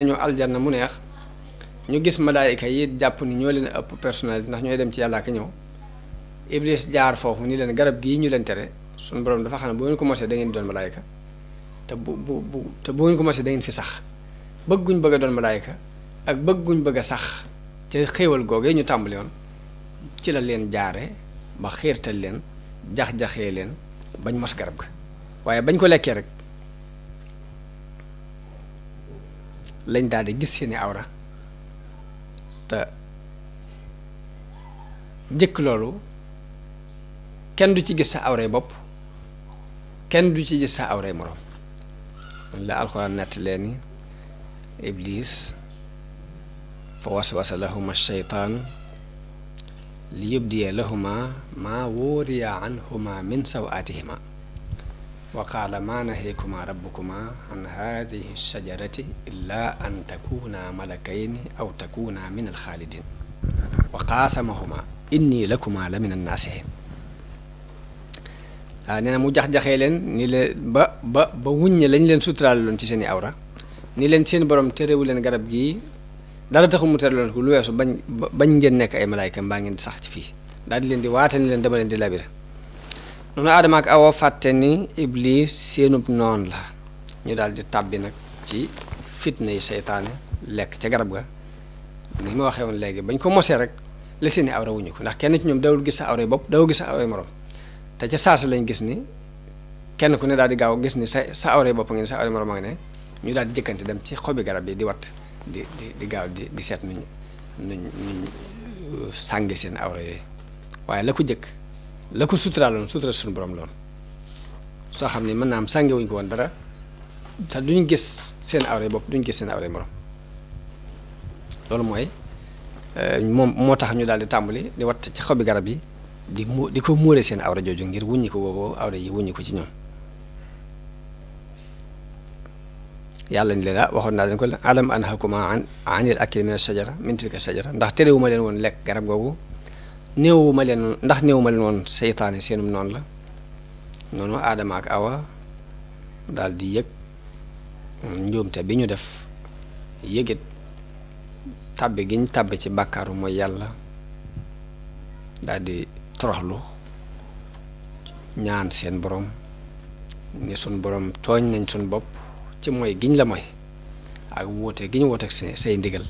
nañu aljanna mu neex ñu gis malaayika yi jàpp ni ñoo leen ëpp personnalité ndax ñooy dem ci yàlla ak ñëw iblis jaar foofu ni leen garab gii ñu leen tere suñ borom dafa xam ne boo ngeen ko mosee da ngeen doon malaayika te bu bu bu te boo ngeen ko mosee da ngeen fi sax bëgguñ bëgg a doon malaayika ak bëgguñ bëgg a sax te xéewal googee ñu tàmbali woon ci la leen jaare ba xiirtal leen jax-jaxee leen bañ mos garab ga waaye bañ ko lekkee rek lañ daal di gis seeni awra te jëkk loolu kenn du ci gis sa awray bopp kenn du ci gis sa awray moroom la alxuraan nett leeni iblis fa waswasa lahuma alcheytaan li yubdiya lahuma maa wóoriya anhuma min sawaatihima wa qaala maa nahaykumaa rabbukumaa an haadihi shajarati illaa an takuunaa malakayni aw takuunaa min alxaalidin wa qaasamahumaa inni lakumaa la min annaasihin waaw nee na mu jax-jaxee leen ni leen ba ba ba wuññe lañ leen suturaal loon ci seen i awra ni leen seen borom terewu leen garab gii dara taxu mu tere loon ko lu weesu bañ bañ ngeen nekk ay malaayka baa ngeen sax fii daal leen di waata ni leen dama leen di labira noonu aadama ak awa fàtte ni iblis seenub noon la ñu daal di tàbbi nag ci fitna yi seytaane lekk ca garab ga ni ma waxee woon léegi bañ ko mosee rek la seeni awra wuñu ko ndax kenn ci ñoom dawul gis sa awra yi bopp dawul gis sa awra yi morom te ca saasa lañ gis ni kenn ku ne daal di gaaw gis ni sa sa awra bopp nga sa awra yi morom nga ñu daal di jëkkante dem ci xobi garab yi di wat di di di gaaw di di seet nuñ nuñ nuñ uh, seen awra yooyu waaye la ko jëkk لكو سوت رالون سوت رشون برام لون ساخم نیم نام سانگه وینگو اندرا تا دنیگس سن آوری بب دنیگس سن آوری مرام لولم وای موت هم یه دالی تامولی دیوات تخم بگرابی دی مو دیکو موره سن آوری جوجنگیر وینی کو وو آوری یو وینی کوچی نم يالن لا وخرنا دا نقول علم انهكما عن عن الاكل من الشجره من تلك الشجره دا تريو مالن ون لك غرب غوغو néewuma leen ndax néewuma leen woon seytaane seenum noonu la noonu aadama ak awa daldi yëg euh, njuumte bi ñu def yëgit tàbbi giñ tàbbi ci bàkkaaru mooy yàlla daldi toroxlu ñaan seen boroom ne sun boroom tooñ nañ suñ bopp ci mooy giñ la mooy ak woote gi ñu wuute ak say ndigal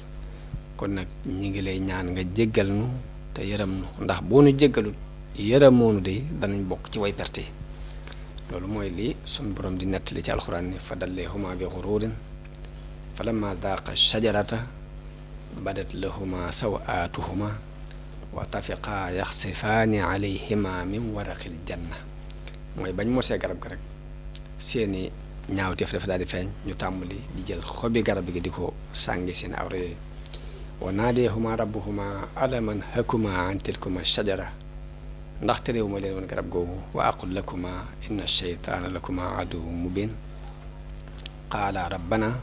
kon nag ñi ngi lay ñaan nga jéggal nu te yaram nu ndax bo nu jegalut jéggalut yërëmoonu de danañ bok ci way perte lolou moy li suñ borom di netti ci alquran ni fa huma bi ghururin falamma daqa shajarata badat lahuma sawaatuhuma wa tafiqa yakhsifani alayhima min waraqil janna mooy bañ se garab ga rek seeni ñaawteef dafa dal di feñ ñu tàmbali di jël xobi garab gi diko sangé sàngi seen awra wa naadihuma rabbuhuma alaman hakuma an tilkuma shajara ndax terewu ma leen woon garab googu wa aqul lakuma inna sheytaana lakuma aduwu mubin qaala rabbana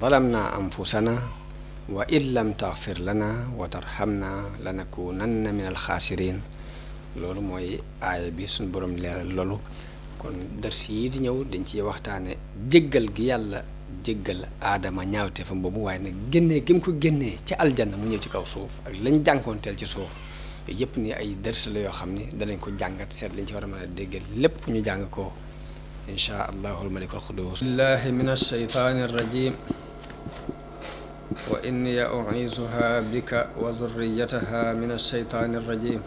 zalamna anfusana wa in lam taxfir lana wa tarxamna lanakunanna min alxaasirin loolu mooy aaya bi suñ boroom leeral loolu kon dërs yi di ñëw dañ ciy waxtaane jéggal gi yàlla jéggal aadama ñaawteefam boobu waaye nag génnee gi mu ko génnee ci aljanna mu ñëw ci kaw suuf ak lañ jànkoonteel ci suuf yëpp ni ay dërs la yoo xam ni danañ ko jàngat seet lañ ci war a mën a déggal lépp ñu jàng ko insha allahul malikul xudus billahi min alsheytaani arrajim wa inni uizuha bika wa zurriyataha min alsheytaani arrajim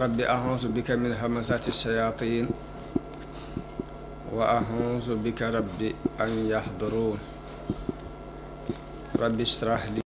rabbi auzu bika min hamasati alshayatin وأعوذ بك رب أن يحضرون رب اشرح لي